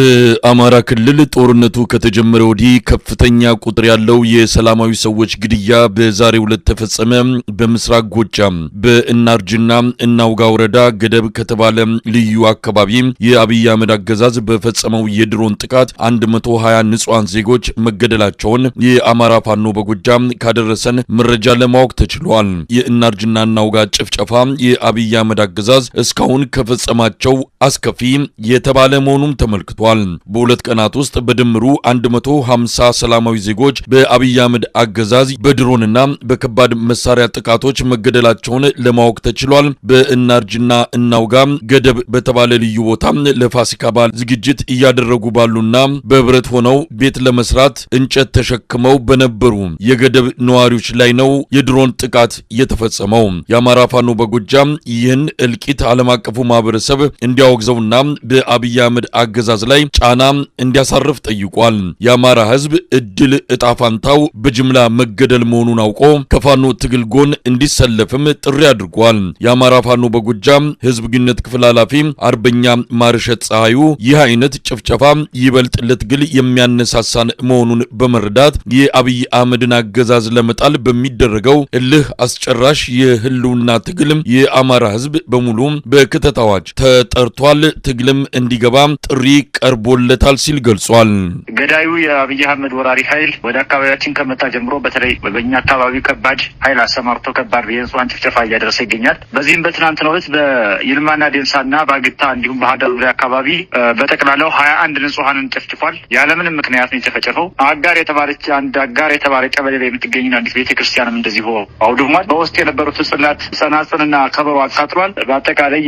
በአማራ ክልል ጦርነቱ ከተጀመረ ወዲህ ከፍተኛ ቁጥር ያለው የሰላማዊ ሰዎች ግድያ በዛሬው ዕለት ተፈጸመ። በምስራቅ ጎጃም በእናርጅና እናውጋ ወረዳ ገደብ ከተባለ ልዩ አካባቢ የአብይ አህመድ አገዛዝ በፈጸመው የድሮን ጥቃት 120 ንጹሐን ዜጎች መገደላቸውን የአማራ ፋኖ በጎጃም ካደረሰን መረጃ ለማወቅ ተችሏል። የእናርጅና እናውጋ ጭፍጨፋ የአብይ አህመድ አገዛዝ እስካሁን ከፈጸማቸው አስከፊ የተባለ መሆኑም ተመልክቷል። ተገኝቷል። በሁለት ቀናት ውስጥ በድምሩ 150 ሰላማዊ ዜጎች በአብይ አህመድ አገዛዝ በድሮንና በከባድ መሳሪያ ጥቃቶች መገደላቸውን ለማወቅ ተችሏል። በእናርጅና እናውጋ ገደብ በተባለ ልዩ ቦታ ለፋሲካ በዓል ዝግጅት እያደረጉ ባሉና በህብረት ሆነው ቤት ለመስራት እንጨት ተሸክመው በነበሩ የገደብ ነዋሪዎች ላይ ነው የድሮን ጥቃት የተፈጸመው። የአማራ ፋኖ በጎጃም ይህን እልቂት ዓለም አቀፉ ማህበረሰብ እንዲያወግዘውና በአብይ አህመድ አገዛዝ ላይ ጫና እንዲያሳርፍ ጠይቋል። የአማራ ህዝብ እድል እጣ ፋንታው በጅምላ መገደል መሆኑን አውቆ ከፋኖ ትግል ጎን እንዲሰለፍም ጥሪ አድርጓል። የአማራ ፋኖ በጎጃም ህዝብ ግንኙነት ክፍል ኃላፊ አርበኛ ማርሸት ፀሐዩ ይህ አይነት ጭፍጨፋ ይበልጥ ለትግል የሚያነሳሳን መሆኑን በመረዳት የአብይ አህመድን አገዛዝ ለመጣል በሚደረገው እልህ አስጨራሽ የህልውና ትግል የአማራ ህዝብ በሙሉ በክተት አዋጅ ተጠርቷል። ትግልም እንዲገባ ጥሪ ቀርቦለታል ሲል ገልጿል። ገዳዩ የአብይ አህመድ ወራሪ ኃይል ወደ አካባቢያችን ከመጣ ጀምሮ በተለይ በኛ አካባቢ ከባድ ኃይል አሰማርቶ ከባድ የንጹሃን ጭፍጨፋ እያደረሰ ይገኛል። በዚህም በትናንትናው ዕለት በይልማና ዴንሳና በአግታ እንዲሁም ባህር ዙሪያ አካባቢ በጠቅላላው ሀያ አንድ ንጹሀንን ጨፍጭፏል። ያለምንም ምክንያት ነው የጨፈጨፈው። አጋር የተባለች አንድ አጋር የተባለ ቀበሌ ላይ የምትገኝ አንዲት ክርስቲያንም እንደዚህ አውድሟል። በውስጥ የነበሩት ጽላት፣ ጸናጽንና ከበሮ አቃጥሏል። በአጠቃላይ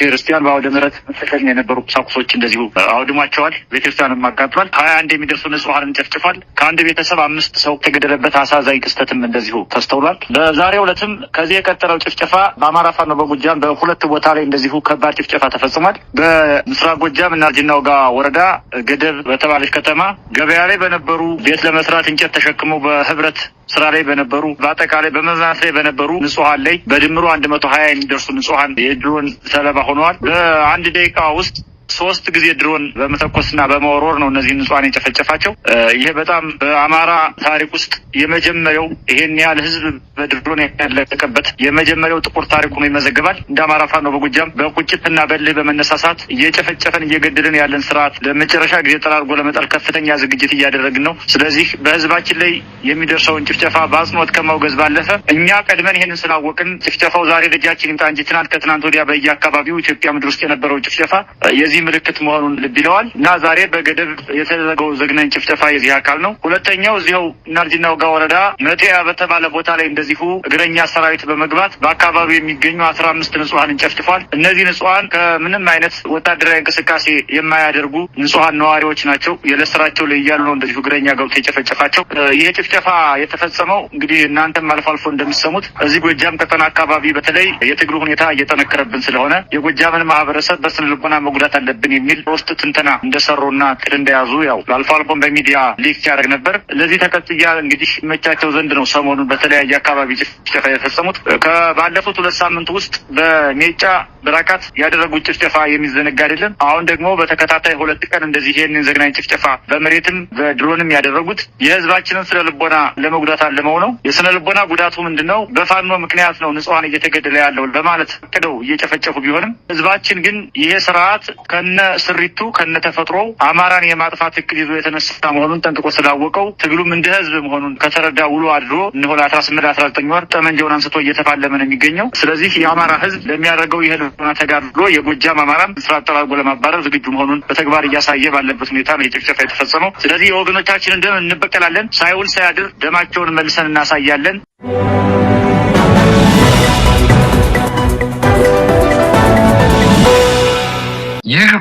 ክርስቲያን በአውደ ምሕረት መጠቀም የነበሩ ቁሳቁሶች እንደዚሁ አውድሟቸዋል። ቤተክርስቲያንም አቃጥሏል። ሀያ አንድ የሚደርሱ ንጹሐንን ጨፍጭፏል። ከአንድ ቤተሰብ አምስት ሰው የተገደለበት አሳዛኝ ክስተትም እንደዚሁ ተስተውሏል። በዛሬው ዕለትም ከዚህ የቀጠለው ጭፍጨፋ በአማራ ፋኖ በጎጃም በሁለት ቦታ ላይ እንደዚሁ ከባድ ጭፍጨፋ ተፈጽሟል። በምስራቅ ጎጃም እና ጋ ወረዳ ገደብ በተባለች ከተማ ገበያ ላይ በነበሩ ቤት ለመስራት እንጨት ተሸክመው በህብረት ስራ ላይ በነበሩ በአጠቃላይ በመዝናናት ላይ በነበሩ ንጹሀን ላይ በድምሩ አንድ መቶ ሀያ የሚደርሱ ንጹሀን የድሮን ሰለባ ሆነዋል። በአንድ ደቂቃ ውስጥ ሶስት ጊዜ ድሮን በመተኮስና በመወርወር ነው እነዚህ ንጹሃን የጨፈጨፋቸው። ይሄ በጣም በአማራ ታሪክ ውስጥ የመጀመሪያው ይሄን ያህል ህዝብ በድሮን ያለቀበት የመጀመሪያው ጥቁር ታሪክ ሆኖ ይመዘግባል። እንደ አማራ ፋኖ በጎጃም በቁጭትና በልህ በመነሳሳት እየጨፈጨፈን እየገደልን ያለን ስርዓት ለመጨረሻ ጊዜ ጠራርጎ ለመጣል ከፍተኛ ዝግጅት እያደረግን ነው። ስለዚህ በህዝባችን ላይ የሚደርሰውን ጭፍጨፋ በአጽንኦት ከማውገዝ ባለፈ እኛ ቀድመን ይሄንን ስላወቅን ጭፍጨፋው ዛሬ ልጃችን ይምጣ እንጂ ትናንት ከትናንት ወዲያ በየአካባቢው ኢትዮጵያ ምድር ውስጥ የነበረው ጭፍጨፋ የዚህ የዚህ ምልክት መሆኑን ልብ ይለዋል እና ዛሬ በገደብ የተደረገው ዘግናኝ ጭፍጨፋ የዚህ አካል ነው። ሁለተኛው እዚያው እናርጅና ውጋ ወረዳ መጤያ በተባለ ቦታ ላይ እንደዚሁ እግረኛ ሰራዊት በመግባት በአካባቢው የሚገኙ አስራ አምስት ንጹሀንን ጨፍጭፏል። እነዚህ ንጹሀን ከምንም አይነት ወታደራዊ እንቅስቃሴ የማያደርጉ ንጹሀን ነዋሪዎች ናቸው። የዕለት ስራቸው ላይ እያሉ ነው እንደዚሁ እግረኛ ገብቶ የጨፈጨፋቸው። ይህ ጭፍጨፋ የተፈጸመው እንግዲህ እናንተም አልፎ አልፎ እንደምትሰሙት እዚህ ጎጃም ከተማ አካባቢ በተለይ የትግሉ ሁኔታ እየጠነከረብን ስለሆነ የጎጃምን ማህበረሰብ በስነ ልቦና መጉዳት አለብን የሚል ውስጥ ትንተና እንደሰሩና ቅድ እንደያዙ ያው አልፎ አልፎም በሚዲያ ሊክ ሲያደርግ ነበር። ለዚህ ተከትያ እንግዲህ መቻቸው ዘንድ ነው ሰሞኑን በተለያየ አካባቢ ጭፍጨፋ የፈጸሙት። ከባለፉት ሁለት ሳምንት ውስጥ በሜጫ ብራካት ያደረጉት ጭፍጨፋ የሚዘነጋ አይደለም። አሁን ደግሞ በተከታታይ ሁለት ቀን እንደዚህ ይህንን ዘግናኝ ጭፍጨፋ በመሬትም በድሮንም ያደረጉት የህዝባችንን ስነ ልቦና ለመጉዳት አለመው ነው። የስነ ልቦና ጉዳቱ ምንድን ነው? በፋኖ ምክንያት ነው ንጹሐን እየተገደለ ያለው በማለት እቅደው እየጨፈጨፉ ቢሆንም ህዝባችን ግን ይሄ ስርዓት ከነ ስሪቱ ከነ ተፈጥሮው አማራን የማጥፋት እቅድ ይዞ የተነሳ መሆኑን ጠንቅቆ ስላወቀው ትግሉም እንደ ህዝብ መሆኑን ከተረዳ ውሎ አድሮ እንሆ ለአስራ ስምንት አስራ ዘጠኝ ወር ጠመንጃውን አንስቶ እየተፋለመ ነው የሚገኘው። ስለዚህ የአማራ ህዝብ ለሚያደርገው የህልና ተጋድሎ የጎጃም አማራን ስራ አጠራርጎ ለማባረር ዝግጁ መሆኑን በተግባር እያሳየ ባለበት ሁኔታ ነው የጭፍጨፋ የተፈጸመው። ስለዚህ የወገኖቻችንን ደም እንበቀላለን። ሳይውል ሳያድር ደማቸውን መልሰን እናሳያለን።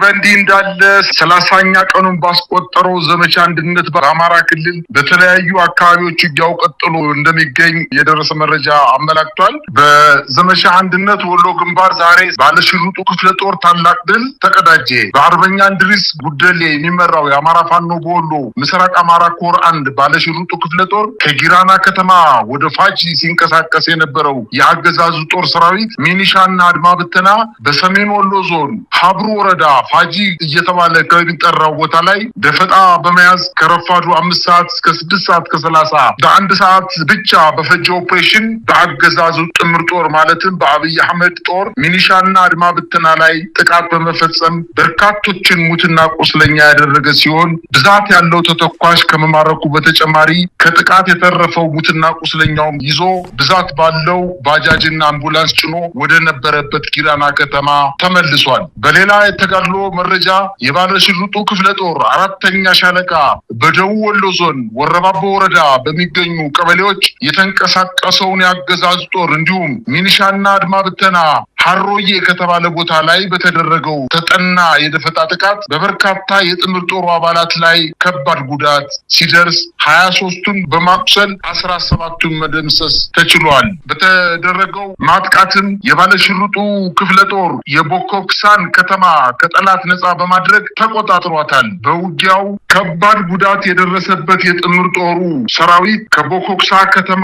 በእንዲህ እንዳለ ሰላሳኛ ቀኑን ባስቆጠረው ዘመቻ አንድነት በአማራ ክልል በተለያዩ አካባቢዎች ውጊያው ቀጥሎ እንደሚገኝ የደረሰ መረጃ አመላክቷል። በዘመቻ አንድነት ወሎ ግንባር ዛሬ ባለሽሩጡ ክፍለ ጦር ታላቅ ድል ተቀዳጀ። በአርበኛ እንድሪስ ጉደሌ የሚመራው የአማራ ፋኖ በወሎ ምስራቅ አማራ ኮር አንድ ባለሽሩጡ ክፍለ ጦር ከጊራና ከተማ ወደ ፋጂ ሲንቀሳቀስ የነበረው የአገዛዙ ጦር ሰራዊት ሚኒሻና አድማ ብተና በሰሜን ወሎ ዞን ሀብሩ ወረዳ ፋጂ እየተባለ ከሚጠራው ቦታ ላይ ደፈጣ በመያዝ ከረፋዱ አምስት ሰዓት እስከ ስድስት ሰዓት ከሰላሳ በአንድ ሰዓት ብቻ በፈጀ ኦፕሬሽን በአገዛዙ ጥምር ጦር ማለትም በአብይ አህመድ ጦር ሚኒሻና አድማ ብትና ላይ ጥቃት በመፈጸም በርካቶችን ሙትና ቁስለኛ ያደረገ ሲሆን ብዛት ያለው ተተኳሽ ከመማረኩ በተጨማሪ ከጥቃት የተረፈው ሙትና ቁስለኛውም ይዞ ብዛት ባለው ባጃጅና አምቡላንስ ጭኖ ወደ ነበረበት ጊራና ከተማ ተመልሷል። በሌላ የተጋድሎ ብሎ መረጃ የባለሽርጡ ክፍለ ጦር አራተኛ ሻለቃ በደቡብ ወሎ ዞን ወረባቦ ወረዳ በሚገኙ ቀበሌዎች የተንቀሳቀሰውን የአገዛዝ ጦር እንዲሁም ሚኒሻና አድማ ብተና ሀሮዬ ከተባለ ቦታ ላይ በተደረገው ተጠና የደፈጣ ጥቃት በበርካታ የጥምር ጦሩ አባላት ላይ ከባድ ጉዳት ሲደርስ ሀያ ሶስቱን በማቁሰል አስራ ሰባቱን መደምሰስ ተችሏል። በተደረገው ማጥቃትም የባለሽርጡ ክፍለ ጦር የቦኮክሳን ከተማ ከጠላት ነፃ በማድረግ ተቆጣጥሯታል። በውጊያው ከባድ ጉዳት የደረሰበት የጥምር ጦሩ ሰራዊት ከቦኮክሳ ከተማ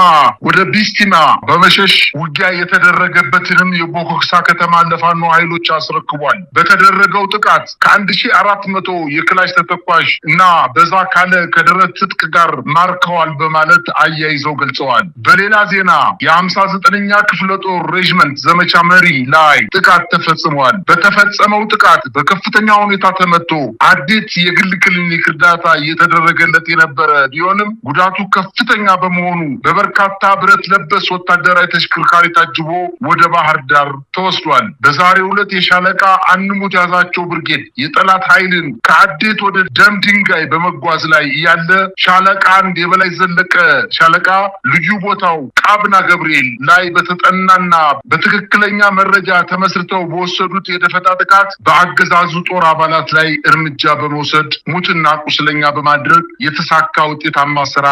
ወደ ቢስቲማ በመሸሽ ውጊያ የተደረገበትንም የቦኮክሳ የአርሳ ከተማ ለፋኖ ኃይሎች አስረክቧል። በተደረገው ጥቃት ከአንድ ሺህ አራት መቶ የክላሽ ተተኳሽ እና በዛ ካለ ከደረት ትጥቅ ጋር ማርከዋል በማለት አያይዘው ገልጸዋል። በሌላ ዜና የሀምሳ ዘጠነኛ ክፍለ ጦር ሬጅመንት ዘመቻ መሪ ላይ ጥቃት ተፈጽሟል። በተፈጸመው ጥቃት በከፍተኛ ሁኔታ ተመቶ አዲት የግል ክሊኒክ እርዳታ እየተደረገለት የነበረ ቢሆንም ጉዳቱ ከፍተኛ በመሆኑ በበርካታ ብረት ለበስ ወታደራዊ ተሽከርካሪ ታጅቦ ወደ ባህር ዳር ተወስዷል። በዛሬው ዕለት የሻለቃ አንሙት ያዛቸው ብርጌድ የጠላት ኃይልን ከአዴት ወደ ደም ድንጋይ በመጓዝ ላይ እያለ ሻለቃ አንድ የበላይ ዘለቀ ሻለቃ ልዩ ቦታው ቃብና ገብርኤል ላይ በተጠናና በትክክለኛ መረጃ ተመስርተው በወሰዱት የደፈጣ ጥቃት በአገዛዙ ጦር አባላት ላይ እርምጃ በመውሰድ ሙትና ቁስለኛ በማድረግ የተሳካ ውጤታማ ስራ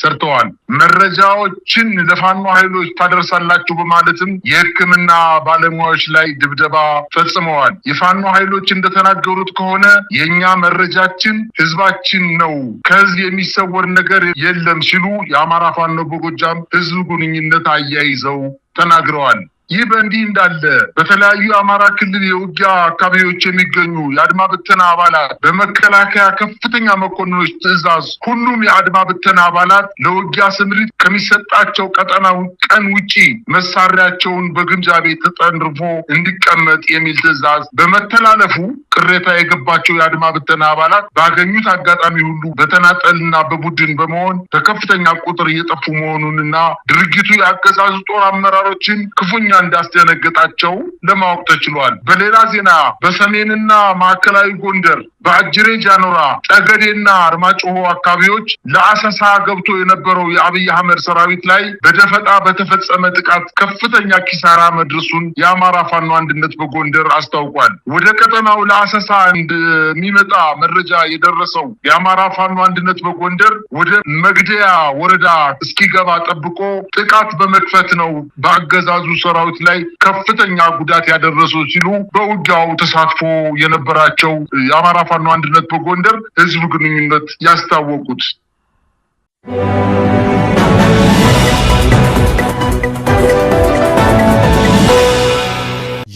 ሰርተዋል። መረጃዎችን ለፋኖ ኃይሎች ታደርሳላችሁ በማለትም የሕክምና ባለ ከተሞች ላይ ድብደባ ፈጽመዋል። የፋኖ ኃይሎች እንደተናገሩት ከሆነ የእኛ መረጃችን ህዝባችን ነው፣ ከዚህ የሚሰወር ነገር የለም ሲሉ የአማራ ፋኖ በጎጃም ህዝብ ግንኙነት አያይዘው ተናግረዋል። ይህ በእንዲህ እንዳለ በተለያዩ የአማራ ክልል የውጊያ አካባቢዎች የሚገኙ የአድማ ብተና አባላት በመከላከያ ከፍተኛ መኮንኖች ትዕዛዝ ሁሉም የአድማ ብተና አባላት ለውጊያ ስምሪት ከሚሰጣቸው ቀጠና ቀን ውጪ መሳሪያቸውን በግምጃ ቤት ተጠንርፎ እንዲቀመጥ የሚል ትዕዛዝ በመተላለፉ ቅሬታ የገባቸው የአድማ ብተና አባላት ባገኙት አጋጣሚ ሁሉ በተናጠልና በቡድን በመሆን በከፍተኛ ቁጥር እየጠፉ መሆኑንና ድርጊቱ የአገዛዙ ጦር አመራሮችን ክፉኛ እንዳስደነገጣቸው ለማወቅ ተችሏል። በሌላ ዜና በሰሜንና ማዕከላዊ ጎንደር በአጅሬ ጃኖራ፣ ጠገዴና አርማጭሆ አካባቢዎች ለአሰሳ ገብቶ የነበረው የአብይ አህመድ ሰራዊት ላይ በደፈጣ በተፈጸመ ጥቃት ከፍተኛ ኪሳራ መድረሱን የአማራ ፋኖ አንድነት በጎንደር አስታውቋል። ወደ ቀጠናው ለአሰሳ እንደሚመጣ መረጃ የደረሰው የአማራ ፋኖ አንድነት በጎንደር ወደ መግደያ ወረዳ እስኪገባ ጠብቆ ጥቃት በመክፈት ነው በአገዛዙ ሰራ ሰራዊት ላይ ከፍተኛ ጉዳት ያደረሱ ሲሉ በውጊያው ተሳትፎ የነበራቸው የአማራ ፋኖ አንድነት በጎንደር ህዝብ ግንኙነት ያስታወቁት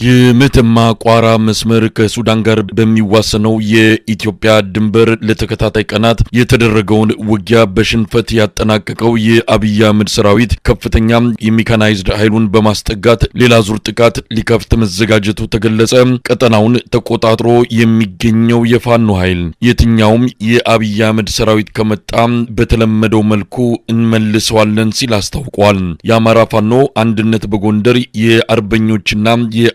የመተማ ቋራ መስመር ከሱዳን ጋር በሚዋሰነው የኢትዮጵያ ድንበር ለተከታታይ ቀናት የተደረገውን ውጊያ በሽንፈት ያጠናቀቀው የአብይ አህመድ ሰራዊት ከፍተኛ የሜካናይዝድ ኃይሉን በማስጠጋት ሌላ ዙር ጥቃት ሊከፍት መዘጋጀቱ ተገለጸ። ቀጠናውን ተቆጣጥሮ የሚገኘው የፋኖ ኃይል የትኛውም የአብይ አህመድ ሰራዊት ከመጣ በተለመደው መልኩ እንመልሰዋለን ሲል አስታውቋል። የአማራ ፋኖ አንድነት በጎንደር የአርበኞችና የ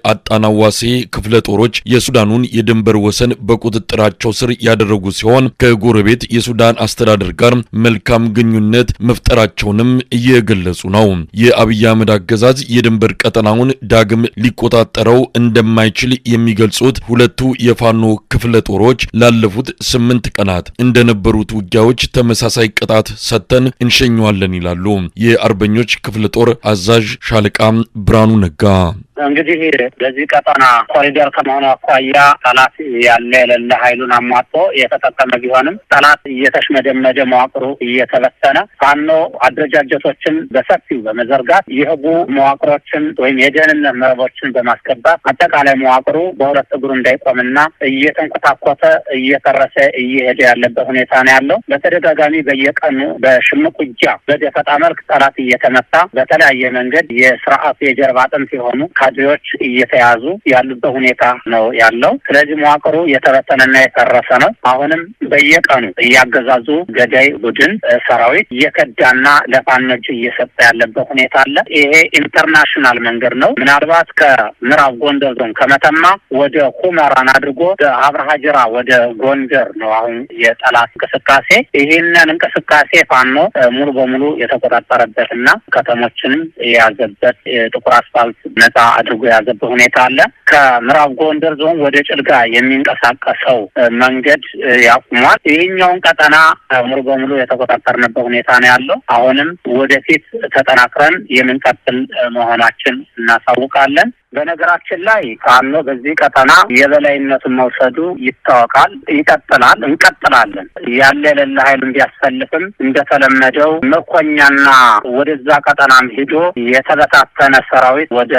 ዋሴ ክፍለ ጦሮች የሱዳኑን የድንበር ወሰን በቁጥጥራቸው ስር ያደረጉ ሲሆን ከጎረቤት የሱዳን አስተዳደር ጋር መልካም ግንኙነት መፍጠራቸውንም እየገለጹ ነው። የአብይ አህመድ አገዛዝ የድንበር ቀጠናውን ዳግም ሊቆጣጠረው እንደማይችል የሚገልጹት ሁለቱ የፋኖ ክፍለ ጦሮች ላለፉት ስምንት ቀናት እንደነበሩት ውጊያዎች ተመሳሳይ ቅጣት ሰጥተን እንሸኘዋለን ይላሉ የአርበኞች ክፍለ ጦር አዛዥ ሻለቃ ብርሃኑ ነጋ። እንግዲህ በዚህ ቀጠና ኮሪደር ከመሆኑ አኳያ ጠላት ያለ የሌለ ኃይሉን አሟጦ የተጠቀመ ቢሆንም ጠላት እየተሽመደመደ መዋቅሩ እየተበተነ ፋኖ አደረጃጀቶችን በሰፊው በመዘርጋት የህቡ መዋቅሮችን ወይም የደህንነት መረቦችን በማስገባት አጠቃላይ መዋቅሩ በሁለት እግሩ እንዳይቆምና እየተንኮታኮተ እየፈረሰ እየሄደ ያለበት ሁኔታ ነው ያለው። በተደጋጋሚ በየቀኑ በሽምቅ ውጊያ በደፈጣ መልክ ጠላት እየተመታ በተለያየ መንገድ የስርዓቱ የጀርባ አጥንት የሆኑ ካድሬዎች እየተያዙ ያሉበት ሁኔታ ነው ያለው። ስለዚህ መዋቅሩ የተበተነና የፈረሰ ነው። አሁንም በየቀኑ እያገዛዙ ገዳይ ቡድን ሰራዊት እየከዳና ለፋኖች እየሰጠ ያለበት ሁኔታ አለ። ይሄ ኢንተርናሽናል መንገድ ነው። ምናልባት ከምዕራብ ጎንደር ዞን ከመተማ ወደ ሁመራን አድርጎ ሀብረ ወደ ጎንደር ነው አሁን የጠላት እንቅስቃሴ። ይህንን እንቅስቃሴ ፋኖ ሙሉ በሙሉ የተቆጣጠረበትና ከተሞችንም የያዘበት ጥቁር አስፋልት ነጻ አድርጎ የያዘበት ሁኔታ አለ። ከምዕራብ ጎንደር ዞን ወደ ጭልጋ የሚንቀሳቀሰው መንገድ ያቁሟል። ይህኛውን ቀጠና ሙሉ በሙሉ የተቆጣጠርንበት ሁኔታ ነው ያለው። አሁንም ወደፊት ተጠናክረን የምንቀጥል መሆናችን እናሳውቃለን። በነገራችን ላይ ፋኖ በዚህ ቀጠና የበላይነቱን መውሰዱ ይታወቃል፣ ይቀጥላል፣ እንቀጥላለን። ያለ የሌለ ኃይሉን ቢያሰልፍም እንደተለመደው መኮኛና ወደዛ ቀጠናም ሂዶ የተበታተነ ሰራዊት ወደ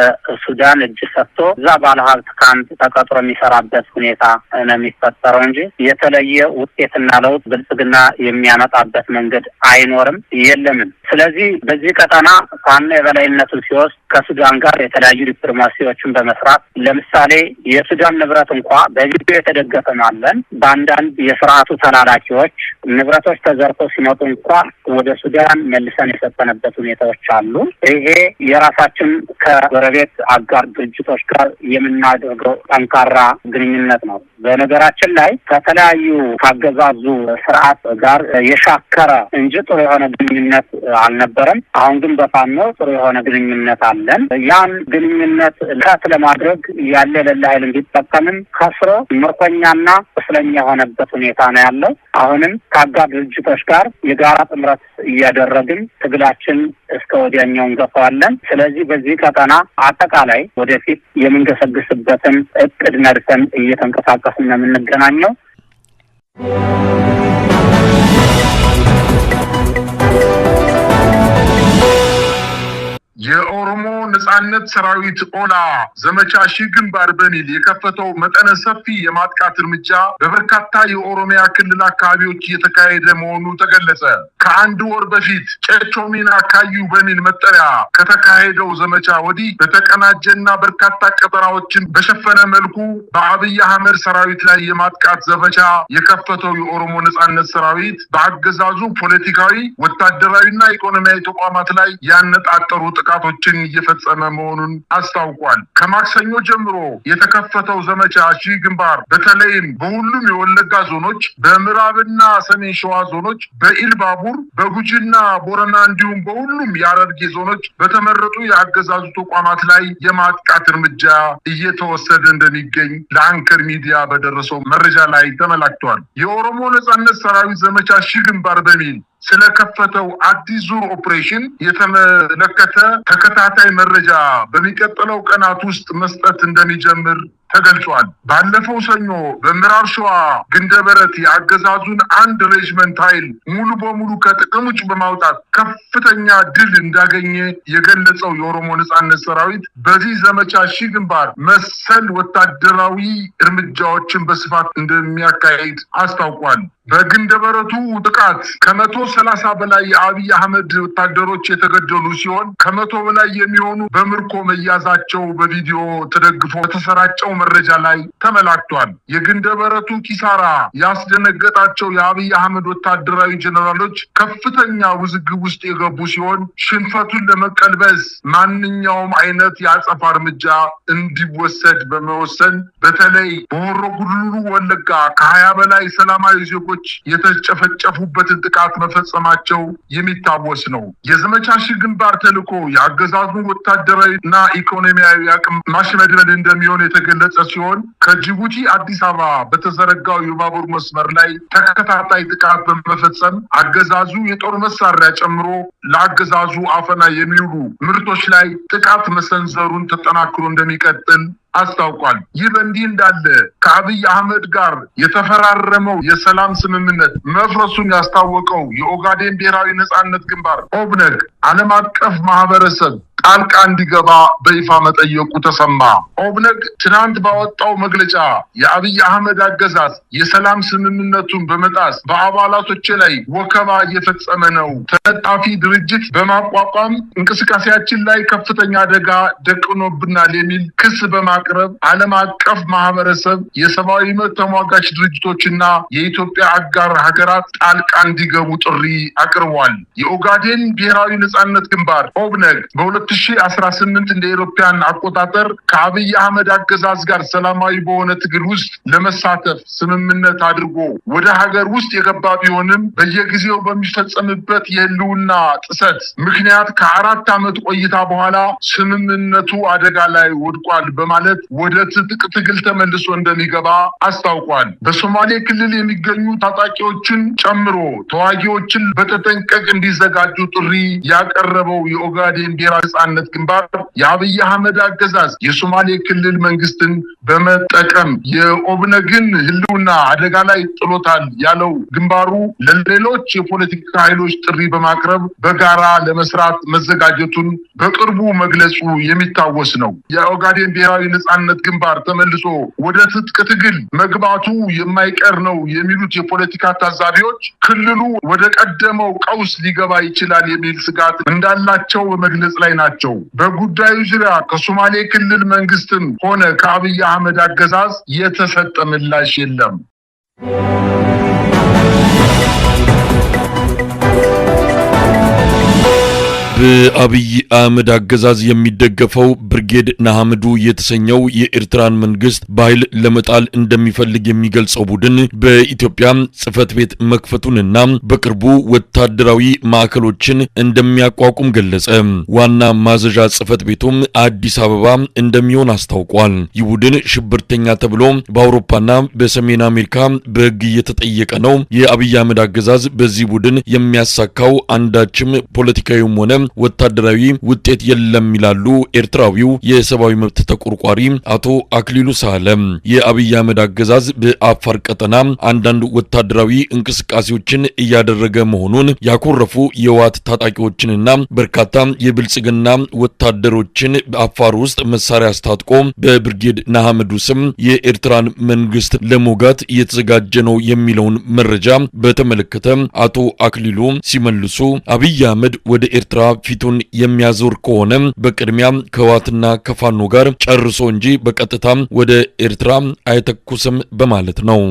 ሱዳን እጅ ሰጥቶ እዛ ባለሀብት ካምፕ ተቀጥሮ የሚሰራበት ሁኔታ ነው የሚፈጠረው እንጂ የተለየ ውጤትና ለውጥ ብልጽግና የሚያመጣበት መንገድ አይኖርም የለምም። ስለዚህ በዚህ ቀጠና ፋኖ የበላይነቱን ሲወስድ ከሱዳን ጋር የተለያዩ ዲፕሎማሲ ፖሊሲዎችን በመስራት ለምሳሌ የሱዳን ንብረት እንኳ በቪዲዮ የተደገፈ ማለን በአንዳንድ የስርዓቱ ተላላኪዎች ንብረቶች ተዘርፈው ሲመጡ እንኳ ወደ ሱዳን መልሰን የሰጠንበት ሁኔታዎች አሉ። ይሄ የራሳችን ከጎረቤት አጋር ድርጅቶች ጋር የምናደርገው ጠንካራ ግንኙነት ነው። በነገራችን ላይ ከተለያዩ ካገዛዙ ስርዓት ጋር የሻከረ እንጂ ጥሩ የሆነ ግንኙነት አልነበረም። አሁን ግን በፋኖ ጥሩ የሆነ ግንኙነት አለን። ያን ግንኙነት ጥቃት ለማድረግ ያለ የሌለ ኃይል እንዲጠቀምም ከስሮ ምርኮኛና ቁስለኛ የሆነበት ሁኔታ ነው ያለው። አሁንም ከአጋር ድርጅቶች ጋር የጋራ ጥምረት እያደረግን ትግላችን እስከ ወዲያኛው እንገፋዋለን። ስለዚህ በዚህ ቀጠና አጠቃላይ ወደፊት የምንገሰግስበትን እቅድ ነድፈን እየተንቀሳቀስን ነው የምንገናኘው። የኦሮሞ ነጻነት ሰራዊት ኦላ ዘመቻ ሺህ ግንባር በሚል የከፈተው መጠነ ሰፊ የማጥቃት እርምጃ በበርካታ የኦሮሚያ ክልል አካባቢዎች እየተካሄደ መሆኑ ተገለጸ። ከአንድ ወር በፊት ጨቾሚና ካዩ በሚል መጠሪያ ከተካሄደው ዘመቻ ወዲህ በተቀናጀና በርካታ ቀጠናዎችን በሸፈነ መልኩ በአብይ አህመድ ሰራዊት ላይ የማጥቃት ዘመቻ የከፈተው የኦሮሞ ነጻነት ሰራዊት በአገዛዙ ፖለቲካዊ፣ ወታደራዊና ኢኮኖሚያዊ ተቋማት ላይ ያነጣጠሩ ጥቃቶችን እየፈጸመ መሆኑን አስታውቋል። ከማክሰኞ ጀምሮ የተከፈተው ዘመቻ ሺ ግንባር በተለይም በሁሉም የወለጋ ዞኖች፣ በምዕራብና ሰሜን ሸዋ ዞኖች፣ በኢልባቡር፣ በጉጂና ቦረና እንዲሁም በሁሉም የአረርጌ ዞኖች በተመረጡ የአገዛዙ ተቋማት ላይ የማጥቃት እርምጃ እየተወሰደ እንደሚገኝ ለአንከር ሚዲያ በደረሰው መረጃ ላይ ተመላክቷል። የኦሮሞ ነጻነት ሰራዊት ዘመቻ ሺ ግንባር በሚል ስለከፈተው አዲስ ዙር ኦፕሬሽን የተመለከተ ተከታታይ መረጃ በሚቀጥለው ቀናት ውስጥ መስጠት እንደሚጀምር ተገልጿል። ባለፈው ሰኞ በምዕራብ ሸዋ ግንደበረት የአገዛዙን አንድ ሬጅመንት ኃይል ሙሉ በሙሉ ከጥቅም ውጭ በማውጣት ከፍተኛ ድል እንዳገኘ የገለጸው የኦሮሞ ነጻነት ሰራዊት በዚህ ዘመቻ ሺ ግንባር መሰል ወታደራዊ እርምጃዎችን በስፋት እንደሚያካሄድ አስታውቋል። በግንደበረቱ ጥቃት ከመቶ ሰላሳ በላይ የአብይ አህመድ ወታደሮች የተገደሉ ሲሆን ከመቶ በላይ የሚሆኑ በምርኮ መያዛቸው በቪዲዮ ተደግፎ በተሰራጨው መረጃ ላይ ተመላክቷል። የግንደበረቱ ኪሳራ ያስደነገጣቸው የአብይ አህመድ ወታደራዊ ጀኔራሎች ከፍተኛ ውዝግብ ውስጥ የገቡ ሲሆን ሽንፈቱን ለመቀልበስ ማንኛውም አይነት የአጸፋ እርምጃ እንዲወሰድ በመወሰን በተለይ በሆሮ ጉዱሩ ወለጋ ከሀያ በላይ ሰላማዊ ዜጎች ሰዎች የተጨፈጨፉበትን ጥቃት መፈጸማቸው የሚታወስ ነው። የዘመቻ ሺህ ግንባር ተልዕኮ የአገዛዙን እና ኢኮኖሚያዊ አቅም ማሽመድመድ እንደሚሆን የተገለጸ ሲሆን ከጅቡቲ አዲስ አበባ በተዘረጋው የባቡር መስመር ላይ ተከታታይ ጥቃት በመፈጸም አገዛዙ የጦር መሳሪያ ጨምሮ ለአገዛዙ አፈና የሚውሉ ምርቶች ላይ ጥቃት መሰንዘሩን ተጠናክሮ እንደሚቀጥል አስታውቋል። ይህ በእንዲህ እንዳለ ከአብይ አህመድ ጋር የተፈራረመው የሰላም ስምምነት መፍረሱን ያስታወቀው የኦጋዴን ብሔራዊ ነጻነት ግንባር ኦብነግ ዓለም አቀፍ ማህበረሰብ ጣልቃ እንዲገባ በይፋ መጠየቁ ተሰማ። ኦብነግ ትናንት ባወጣው መግለጫ የአብይ አህመድ አገዛዝ የሰላም ስምምነቱን በመጣስ በአባላቶች ላይ ወከባ እየፈጸመ ነው፣ ተለጣፊ ድርጅት በማቋቋም እንቅስቃሴያችን ላይ ከፍተኛ አደጋ ደቅኖብናል የሚል ክስ በማቅረብ ዓለም አቀፍ ማህበረሰብ፣ የሰብአዊ መብት ተሟጋች ድርጅቶችና የኢትዮጵያ አጋር ሀገራት ጣልቃ እንዲገቡ ጥሪ አቅርቧል። የኦጋዴን ብሔራዊ ነጻነት ግንባር ኦብነግ በሁለት 2018 እንደ ኤሮፓያን አቆጣጠር ከአብይ አህመድ አገዛዝ ጋር ሰላማዊ በሆነ ትግል ውስጥ ለመሳተፍ ስምምነት አድርጎ ወደ ሀገር ውስጥ የገባ ቢሆንም በየጊዜው በሚፈጸምበት የህልውና ጥሰት ምክንያት ከአራት ዓመት ቆይታ በኋላ ስምምነቱ አደጋ ላይ ወድቋል በማለት ወደ ትጥቅ ትግል ተመልሶ እንደሚገባ አስታውቋል። በሶማሌ ክልል የሚገኙ ታጣቂዎችን ጨምሮ ተዋጊዎችን በተጠንቀቅ እንዲዘጋጁ ጥሪ ያቀረበው የኦጋዴን ብሔራዊ ነጻነት ግንባር የአብይ አህመድ አገዛዝ የሶማሌ ክልል መንግስትን በመጠቀም የኦብነግን ህልውና አደጋ ላይ ጥሎታል ያለው ግንባሩ ለሌሎች የፖለቲካ ኃይሎች ጥሪ በማቅረብ በጋራ ለመስራት መዘጋጀቱን በቅርቡ መግለጹ የሚታወስ ነው። የኦጋዴን ብሔራዊ ነጻነት ግንባር ተመልሶ ወደ ትጥቅ ትግል መግባቱ የማይቀር ነው የሚሉት የፖለቲካ ታዛቢዎች ክልሉ ወደ ቀደመው ቀውስ ሊገባ ይችላል የሚል ስጋት እንዳላቸው በመግለጽ ላይ ናቸው። ናቸው። በጉዳዩ ዙሪያ ከሶማሌ ክልል መንግስትም ሆነ ከአብይ አህመድ አገዛዝ የተሰጠ ምላሽ የለም። በአብይ አህመድ አገዛዝ የሚደገፈው ብርጌድ ናሐምዱ የተሰኘው የኤርትራን መንግስት በኃይል ለመጣል እንደሚፈልግ የሚገልጸው ቡድን በኢትዮጵያ ጽህፈት ቤት መክፈቱንና በቅርቡ ወታደራዊ ማዕከሎችን እንደሚያቋቁም ገለጸ። ዋና ማዘዣ ጽህፈት ቤቱም አዲስ አበባ እንደሚሆን አስታውቋል። ይህ ቡድን ሽብርተኛ ተብሎ በአውሮፓና በሰሜን አሜሪካ በህግ እየተጠየቀ ነው። የአብይ አህመድ አገዛዝ በዚህ ቡድን የሚያሳካው አንዳችም ፖለቲካዊም ሆነ ወታደራዊ ውጤት የለም ይላሉ ኤርትራዊው የሰብአዊ መብት ተቆርቋሪ አቶ አክሊሉ ሳለም። የአብይ አህመድ አገዛዝ በአፋር ቀጠና አንዳንድ ወታደራዊ እንቅስቃሴዎችን እያደረገ መሆኑን ያኮረፉ የዋት ታጣቂዎችንና በርካታ የብልጽግና ወታደሮችን በአፋር ውስጥ መሳሪያ አስታጥቆ በብርጌድ ናሐመዱ ስም የኤርትራን መንግስት ለሞጋት እየተዘጋጀ ነው የሚለውን መረጃ በተመለከተ አቶ አክሊሉ ሲመልሱ አብይ አህመድ ወደ ኤርትራ ፊቱን የሚያዞር ከሆነ በቅድሚያ ከዋትና ከፋኖ ጋር ጨርሶ እንጂ በቀጥታ ወደ ኤርትራ አይተኩስም በማለት ነው።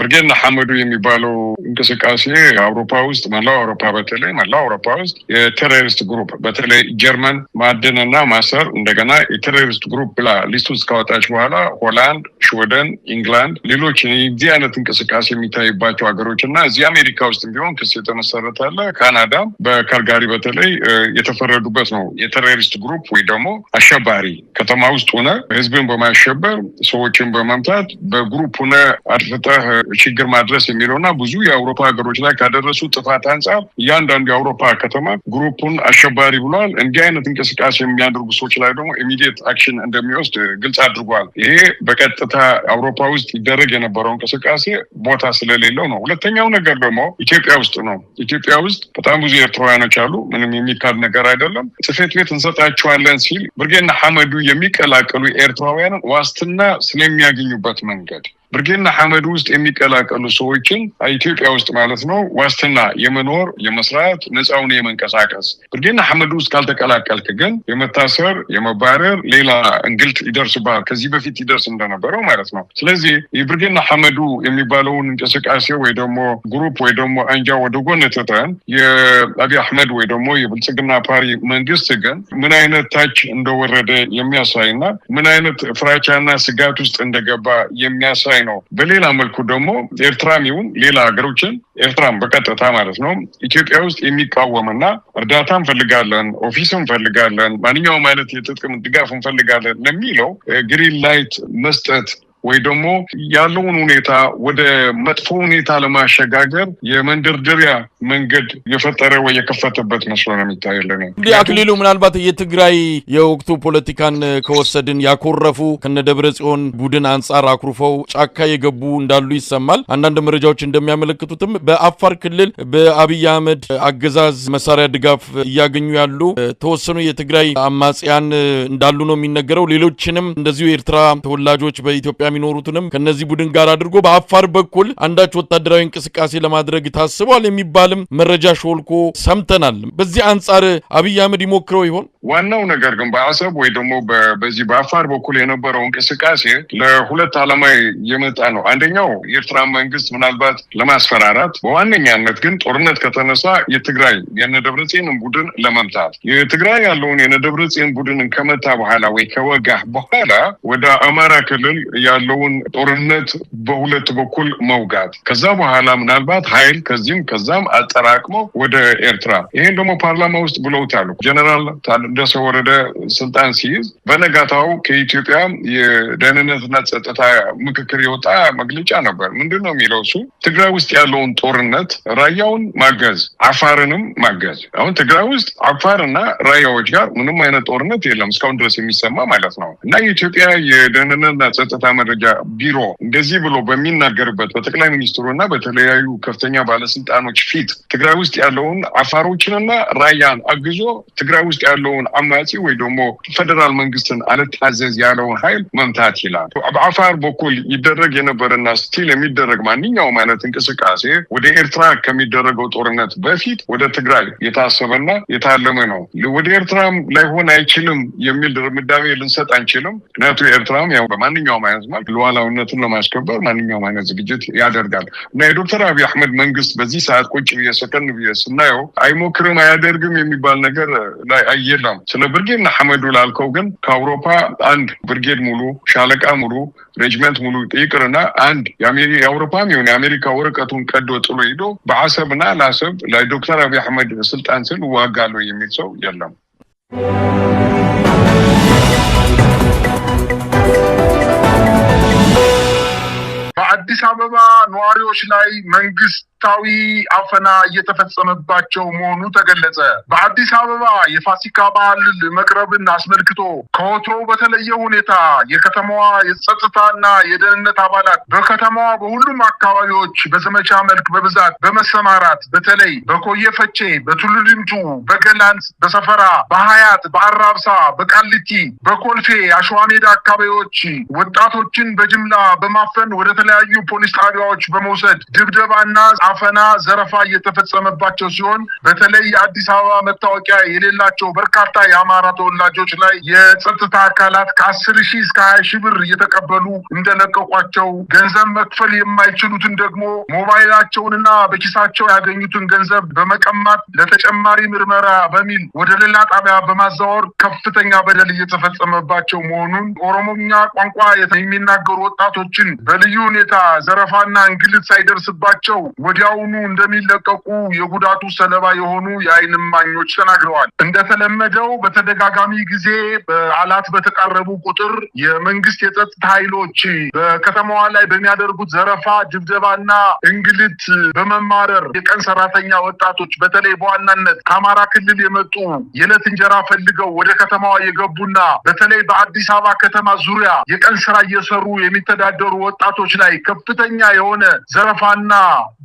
ብርጌና ሐመዱ የሚባለው እንቅስቃሴ አውሮፓ ውስጥ መላው አውሮፓ በተለይ መላው አውሮፓ ውስጥ የቴሮሪስት ግሩፕ በተለይ ጀርመን ማደንና ማሰር እንደገና የቴሮሪስት ግሩፕ ብላ ውስጥ ካወጣች በኋላ ሆላንድ፣ ሽወደን፣ ኢንግላንድ ሌሎች እዚህ አይነት እንቅስቃሴ የሚታይባቸው ሀገሮች እና እዚህ አሜሪካ ውስጥ ቢሆን ክስ የተመሰረታለ ካናዳ በካልጋሪ በተለይ የተፈረዱበት ነው። የቴሮሪስት ግሩፕ ወይ ደግሞ አሸባሪ ከተማ ውስጥ ሆነ ህዝብን በማሸበር ሰዎችን በመምታት በግሩፕ ሆነ አድፍጠህ ችግር ማድረስ የሚለውና ብዙ የአውሮፓ ሀገሮች ላይ ካደረሱ ጥፋት አንጻር እያንዳንዱ የአውሮፓ ከተማ ግሩፑን አሸባሪ ብሏል። እንዲህ አይነት እንቅስቃሴ የሚያደርጉ ሰዎች ላይ ደግሞ ኢሚዲየት አክሽን እንደሚወስድ ግልጽ አድርጓል። ይሄ በቀጥታ አውሮፓ ውስጥ ይደረግ የነበረው እንቅስቃሴ ቦታ ስለሌለው ነው። ሁለተኛው ነገር ደግሞ ኢትዮጵያ ውስጥ ነው። ኢትዮጵያ ውስጥ በጣም ብዙ ኤርትራውያኖች አሉ። ምንም የሚካድ ነገር አይደለም። ጽሕፈት ቤት እንሰጣቸዋለን ሲል ብርጌና ሐመዱ የሚቀላቀሉ ኤርትራውያንን ዋስትና ስለሚያገኙበት መንገድ ብርጌና ሐመድ ውስጥ የሚቀላቀሉ ሰዎችን ኢትዮጵያ ውስጥ ማለት ነው ዋስትና የመኖር የመስራት ነፃውን የመንቀሳቀስ ብርጌና ሐመድ ውስጥ ካልተቀላቀልክ ግን የመታሰር የመባረር ሌላ እንግልት ይደርስብሃል። ከዚህ በፊት ይደርስ እንደነበረው ማለት ነው። ስለዚህ የብርጌና ሐመዱ የሚባለውን እንቅስቃሴ ወይ ደግሞ ግሩፕ ወይ ደግሞ አንጃ ወደ ጎን ትተን የአብይ አሕመድ ወይ ደግሞ የብልጽግና ፓሪ መንግስት ግን ምን አይነት ታች እንደወረደ የሚያሳይና ምን አይነት ፍራቻና ስጋት ውስጥ እንደገባ የሚያሳይ ነው። በሌላ መልኩ ደግሞ ኤርትራን ይሁን ሌላ ሀገሮችን ኤርትራን በቀጥታ ማለት ነው ኢትዮጵያ ውስጥ የሚቃወምና እርዳታ እንፈልጋለን፣ ኦፊስ እንፈልጋለን፣ ማንኛውም አይነት የጥቅም ድጋፍ እንፈልጋለን ለሚለው ግሪን eh, ላይት መስጠት ወይ ደግሞ ያለውን ሁኔታ ወደ መጥፎ ሁኔታ ለማሸጋገር የመንደርደሪያ መንገድ የፈጠረ ወይ የከፈተበት መስሎ ነው የሚታየልን። እንግዲህ አክሊሉ፣ ምናልባት የትግራይ የወቅቱ ፖለቲካን ከወሰድን ያኮረፉ ደብረ ጽዮን ቡድን አንጻር አኩርፈው ጫካ የገቡ እንዳሉ ይሰማል። አንዳንድ መረጃዎች እንደሚያመለክቱትም በአፋር ክልል በአብይ አህመድ አገዛዝ መሳሪያ ድጋፍ እያገኙ ያሉ ተወሰኑ የትግራይ አማጽያን እንዳሉ ነው የሚነገረው። ሌሎችንም እንደዚሁ የኤርትራ ተወላጆች በኢትዮጵያ የሚኖሩትንም ከነዚህ ቡድን ጋር አድርጎ በአፋር በኩል አንዳች ወታደራዊ እንቅስቃሴ ለማድረግ ታስቧል የሚባልም መረጃ ሾልኮ ሰምተናል። በዚህ አንጻር አብይ አህመድ ይሞክረው ይሆን? ዋናው ነገር ግን በአሰብ ወይ ደግሞ በዚህ በአፋር በኩል የነበረው እንቅስቃሴ ለሁለት ዓላማ የመጣ ነው። አንደኛው የኤርትራ መንግስት ምናልባት ለማስፈራራት፣ በዋነኛነት ግን ጦርነት ከተነሳ የትግራይ የነደብረጽዮንን ቡድን ለመምታት የትግራይ ያለውን የነደብረጽዮን ቡድንን ከመታ በኋላ ወይ ከወጋ በኋላ ወደ አማራ ክልል ያለውን ጦርነት በሁለት በኩል መውጋት ከዛ በኋላ ምናልባት ኃይል ከዚህም ከዛም አጠራቅመው ወደ ኤርትራ ይሄን ደግሞ ፓርላማ ውስጥ ብለውታሉ ጀነራል ታደሰ ወረደ ስልጣን ሲይዝ በነጋታው ከኢትዮጵያ የደህንነትና ጸጥታ ምክክር የወጣ መግለጫ ነበር። ምንድን ነው የሚለው? እሱ ትግራይ ውስጥ ያለውን ጦርነት ራያውን ማገዝ፣ አፋርንም ማገዝ። አሁን ትግራይ ውስጥ አፋርና ራያዎች ጋር ምንም አይነት ጦርነት የለም እስካሁን ድረስ የሚሰማ ማለት ነው። እና የኢትዮጵያ የደህንነትና ጸጥታ መረጃ ቢሮ እንደዚህ ብሎ በሚናገርበት በጠቅላይ ሚኒስትሩ እና በተለያዩ ከፍተኛ ባለስልጣኖች ፊት ትግራይ ውስጥ ያለውን አፋሮችንና ራያን አግዞ ትግራይ ውስጥ ያለውን ያለውን አማጺ ወይ ደግሞ ፌዴራል መንግስትን አልታዘዝ ያለውን ሀይል መምታት ይላል። በአፋር በኩል ይደረግ የነበረና ስቲል የሚደረግ ማንኛውም አይነት እንቅስቃሴ ወደ ኤርትራ ከሚደረገው ጦርነት በፊት ወደ ትግራይ የታሰበና የታለመ ነው። ወደ ኤርትራም ላይሆን አይችልም የሚል ድምዳሜ ልንሰጥ አንችልም። ምክንያቱ ኤርትራም ያው በማንኛውም አይነት መልክ ለማስከበር ማንኛውም አይነት ዝግጅት ያደርጋል እና የዶክተር አብይ አህመድ መንግስት በዚህ ሰዓት ቁጭ ብዬ ሰከን ብዬ ስናየው አይሞክርም፣ አያደርግም የሚባል ነገር ላይ አየለም። አልሰራም። ስለ ብርጌድ እና ሐመዱ ላልከው ግን ከአውሮፓ አንድ ብርጌድ ሙሉ፣ ሻለቃ ሙሉ፣ ሬጅመንት ሙሉ ይቅርና አንድ የአውሮፓም ይሁን የአሜሪካ ወረቀቱን ቀዶ ጥሎ ሂዶ በአሰብና ለአሰብ ለዶክተር አብይ አሕመድ ስልጣን ስል ዋጋለሁ የሚል ሰው የለም። በአዲስ አበባ ነዋሪዎች ላይ መንግስት ወቅታዊ አፈና እየተፈጸመባቸው መሆኑ ተገለጸ። በአዲስ አበባ የፋሲካ በዓል መቅረብን አስመልክቶ ከወትሮው በተለየ ሁኔታ የከተማዋ የጸጥታና የደህንነት አባላት በከተማዋ በሁሉም አካባቢዎች በዘመቻ መልክ በብዛት በመሰማራት በተለይ በኮየ ፈቼ፣ በቱሉ በገላንስ፣ በሰፈራ፣ በሀያት፣ በአራብሳ፣ በቃሊቲ፣ በኮልፌ አሸዋ ሜዳ አካባቢዎች ወጣቶችን በጅምላ በማፈን ወደ ተለያዩ ፖሊስ ጣቢያዎች በመውሰድ ድብደባና አፈና፣ ዘረፋ እየተፈጸመባቸው ሲሆን በተለይ የአዲስ አበባ መታወቂያ የሌላቸው በርካታ የአማራ ተወላጆች ላይ የጸጥታ አካላት ከአስር ሺህ እስከ ሀያ ሺህ ብር እየተቀበሉ እንደለቀቋቸው ገንዘብ መክፈል የማይችሉትን ደግሞ ሞባይላቸውንና በኪሳቸው ያገኙትን ገንዘብ በመቀማት ለተጨማሪ ምርመራ በሚል ወደ ሌላ ጣቢያ በማዛወር ከፍተኛ በደል እየተፈጸመባቸው መሆኑን ኦሮሞኛ ቋንቋ የሚናገሩ ወጣቶችን በልዩ ሁኔታ ዘረፋና እንግልት ሳይደርስባቸው ወዲ ወዲያውኑ እንደሚለቀቁ የጉዳቱ ሰለባ የሆኑ የዓይን እማኞች ተናግረዋል። እንደተለመደው በተደጋጋሚ ጊዜ በዓላት በተቃረቡ ቁጥር የመንግስት የጸጥታ ኃይሎች በከተማዋ ላይ በሚያደርጉት ዘረፋ፣ ድብደባና እንግልት በመማረር የቀን ሰራተኛ ወጣቶች በተለይ በዋናነት ከአማራ ክልል የመጡ የዕለት እንጀራ ፈልገው ወደ ከተማዋ የገቡና በተለይ በአዲስ አበባ ከተማ ዙሪያ የቀን ስራ እየሰሩ የሚተዳደሩ ወጣቶች ላይ ከፍተኛ የሆነ ዘረፋና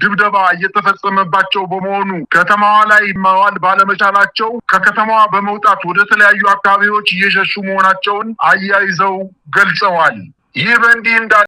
ድብ ድብደባ እየተፈጸመባቸው በመሆኑ ከተማዋ ላይ መዋል ባለመቻላቸው ከከተማዋ በመውጣት ወደ ተለያዩ አካባቢዎች እየሸሹ መሆናቸውን አያይዘው ገልጸዋል። ይህ በእንዲህ እንዳ